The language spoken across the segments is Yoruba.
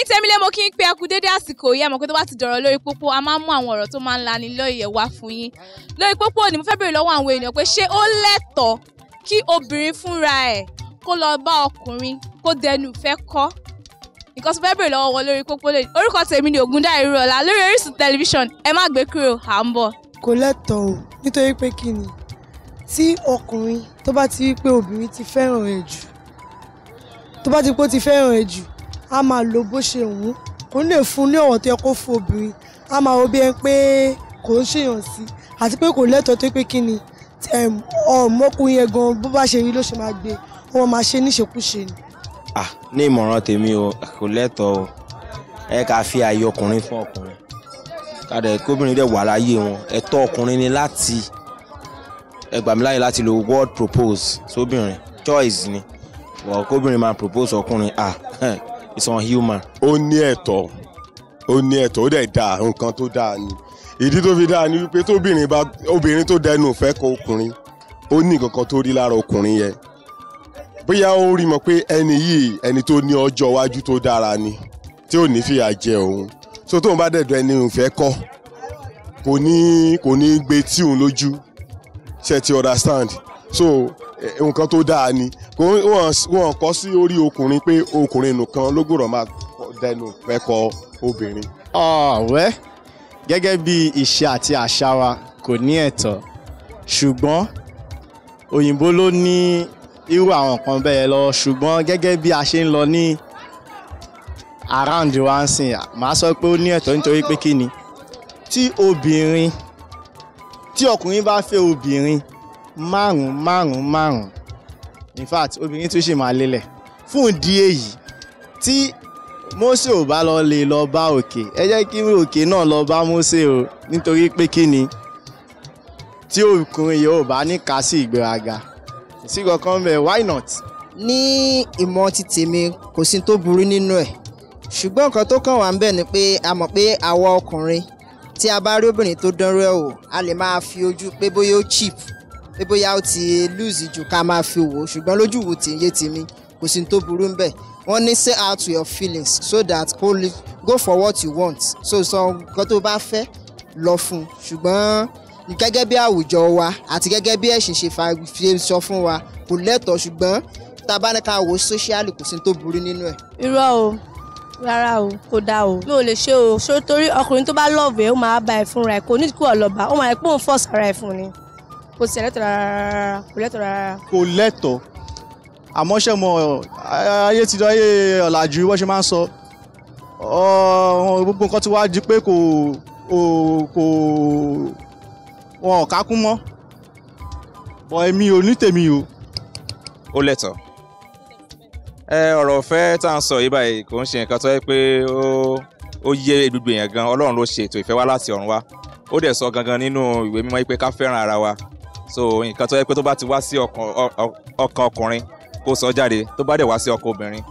ẹ̀yin tẹ́mílẹ́ mo kí n pe ẹkú dédé àsìkò yìí ẹ̀ pé tó bá ti dọ̀rọ̀ lórí pópó a máa ń mú àwọn ọ̀rọ̀ tó máa ń lani lóye wá fún yín lórí pópó ni mo fẹ́ béèrè lọ́wọ́ àwọn èèyàn pé ṣé ó lẹ́tọ̀ọ́ kí obìnrin fúnra ẹ̀ kó lọ bá ọkùnrin kó dẹnu fẹ́ kọ́ nǹkan tó fẹ́ béèrè lọ́wọ́ wọn lórí pópó lè orúkọ tèmi ni Ògúndáìrú Ọlá lórí Orísun tẹlifíṣàn ẹ má gbé kúrò à ń bọ̀. kò lẹ́tọ̀ọ́ o nítorí pé kí ni tí ọkùnrin tó bá ti rí pé obìnrin ti fẹ́ràn rẹ̀ jù tó bá ti pé ó ti fẹ́ràn rẹ̀ jù á máa lò bó ṣe wù ú kò ní lè fún ní ọ̀wọ̀ tó yẹ kó fún obìnrin á máa wo bí ẹni pé kò ń ṣèyàn sí àti pé kò lẹ́tọ̀ọ́ tó pé kí ni ọmọkùnrin yẹn gan bó bá ṣe rí ló ṣe máa gbé wọn máa ṣe níṣekúṣe ni. ah ní ìmọ̀ràn tèmi o kò lẹ́tọ̀ọ́ o ẹ ká fi ààyè ọkùnrin fún ọkùnrin kádẹ kóbìnrin dẹ̀ wà láyé wọn ẹ̀tọ́ ọkùnrin ni láti ẹ gbà láyè láti lo word propose sóbìnrin choice ni wọ́n kóbìnrin máa propose ọkùnrin ah it's unhuman. ó ní ẹ̀tọ́ ó ní ẹ̀tọ́ ó dẹ̀ dáa nǹkan tó dáa ni ìdí tó fi dáa ni wípé tóbìnrin bá obìnrin tó dẹnu ìfẹ́ kọ ọkùnrin ó ní nǹkan kan tó rí lára ọkùnrin yẹn bóyá ó rí mọ̀ pé ẹni yìí ẹni tó ní ọjọ́ iwájú tó dára ni tí ò ní fìyà jẹ òun so tóun bá dẹ̀dọ̀ ẹni ìfẹ́ kọ́ kò ní kò ní gbé tí lójú ṣe ti understand so Eh, nǹkan tó dáa ni wọ́n kọ́ sí orí ọkùnrin pé ọkùnrin nìkan ló gbọ́dọ̀ máa dẹnu fẹ́ kọ obìnrin. ọ̀wẹ́ gẹ́gẹ́ bí ìṣe àti àṣà wa kò ní ẹ̀tọ́ ṣùgbọ́n òyìnbó ló ní irú àwọn nǹkan bẹ́ẹ̀ lọ ṣùgbọ́n gẹ́gẹ́ bí a ṣe ń lọ ní around wa ń sìn màá sọ pé ó ní ẹ̀tọ́ nítorí pé kí ni tí obìnrin tí ọkùnrin bá fẹ́ obìnrin márùn márùn márùn in fact obìnrin tún ṣì máa lélẹ̀ fún ìdí èyí tí Mósè ò bá lọ lè lọ bá òkè ẹ jẹ́ kí òkè náà lọ bá Mósè o nítorí pé kí ni tí ọkùnrin yìí ò bá ní ká sí ìgbéraga sí kankan bẹ́ẹ̀ why not. ní ìmọ̀ ti tèmi kò sí tó burú nínú ẹ̀ ṣùgbọ́n nǹkan tó kàn wá ń bẹ̀ ni pé a mọ̀ pé àwa ọkùnrin tí a bá rí obìnrin tó dánrú ẹ̀ wò a lè máa fi ojú pé bóyá ó cheap pé bóyá ó ti lose jù ká máa fi wò ó ṣùgbọ́n lójú wo tèyé tèmi kò sí tó burú ń bẹ̀ wọ́n ní say out your feelings so that only go for what you want so sọ nǹkan tó bá fẹ́ lọ fún ṣùgbọ́n gẹ́gẹ́ bí àwùjọ wa àti gẹ́gẹ́ bí ẹ̀sìn ṣe fa sọ fún wa kò lẹ́tọ̀ọ́ ṣùgbọ́n tá a bá ní ká wo sóṣíálì kò sí tó burú nínú ẹ̀. irọ́ o rárá o kò dáa o mi ò lè ṣe o ṣó torí ọkùnrin tó bá lọ́ọ̀bù ẹ̀ ó máa bá ẹ̀ fúnra ẹ̀ kò ní kú ọ̀lọ́ba ó máa ẹ̀ pé òun fọ́ọ̀sì ẹ̀ fún ni kò sí ẹlẹ́tọ̀ rárá kò lẹ́tọ̀ rárá. kò lẹ́tọ̀ àmọ́ ṣe mọ ayé ti ayé ọ̀làjú wọ́n ṣe máa ń sọ gbogbo nǹkan ti wá di pé kò kò wọn ò kákún mọ́ bọ̀ èmi ò ní tèmi o. ó lẹ́tọ̀ ẹ ọ̀rọ̀ ọ̀fẹ́ tá à ń sọ yìí báyìí kò ń ṣe nǹkan tó yẹ pé ó ó yé gbogbo èèyàn gan ọlọ́run ló ṣe ètò ìfẹ́ wá láti ọ̀run wá ó dẹ̀ sọ gangan nínú ìwé mímọ́ yìí pé ká fẹ́ràn ara wa so nǹkan tó yẹ pé tó bá ti wá sí ọkàn ọkùnrin kó sọ jáde tó bá dẹ̀ wá sí ọkàn obìnrin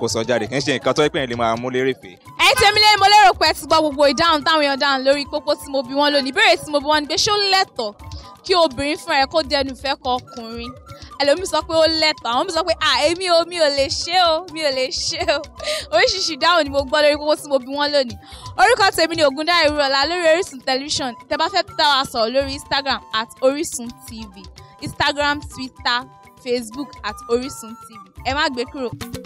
kó sọ jáde kì í ṣe nǹkan tó yẹ pé yẹn lè máa mú lérè fè. ẹ tèmi lé mo lérò pé ẹ ti gbọ́ gbogbo ìdáhùn táwọn èèyàn dáhùn lórí pópó tí mo bi wọ́n lónìí ìbéèrè tí mo bi wọ́n ni ṣó lẹ́tọ̀ọ́ kí obìnrin fún ẹ kó dẹnu fẹ́ kọ ọkùnrin ẹlòmíì sọ pé ó lẹ́tọ̀ àwọn mi sọ pé ah èmi o mi ò lè ṣe o mi ò lè ṣe o oríṣiríṣi ìdáhùn ni mo gbọ́ lórí kókó tí mo bi wọ́n lónìí orúkọ tèmi ni Ògúndáyọ̀ Irúọlá lórí Orísun tẹlifíṣàn tẹ bá fẹ́ bá wa sọ̀rọ̀ lórí Instagram at Orisun TV Instagram Twitter Facebook at Orisun TV ẹ má gbé kúrò.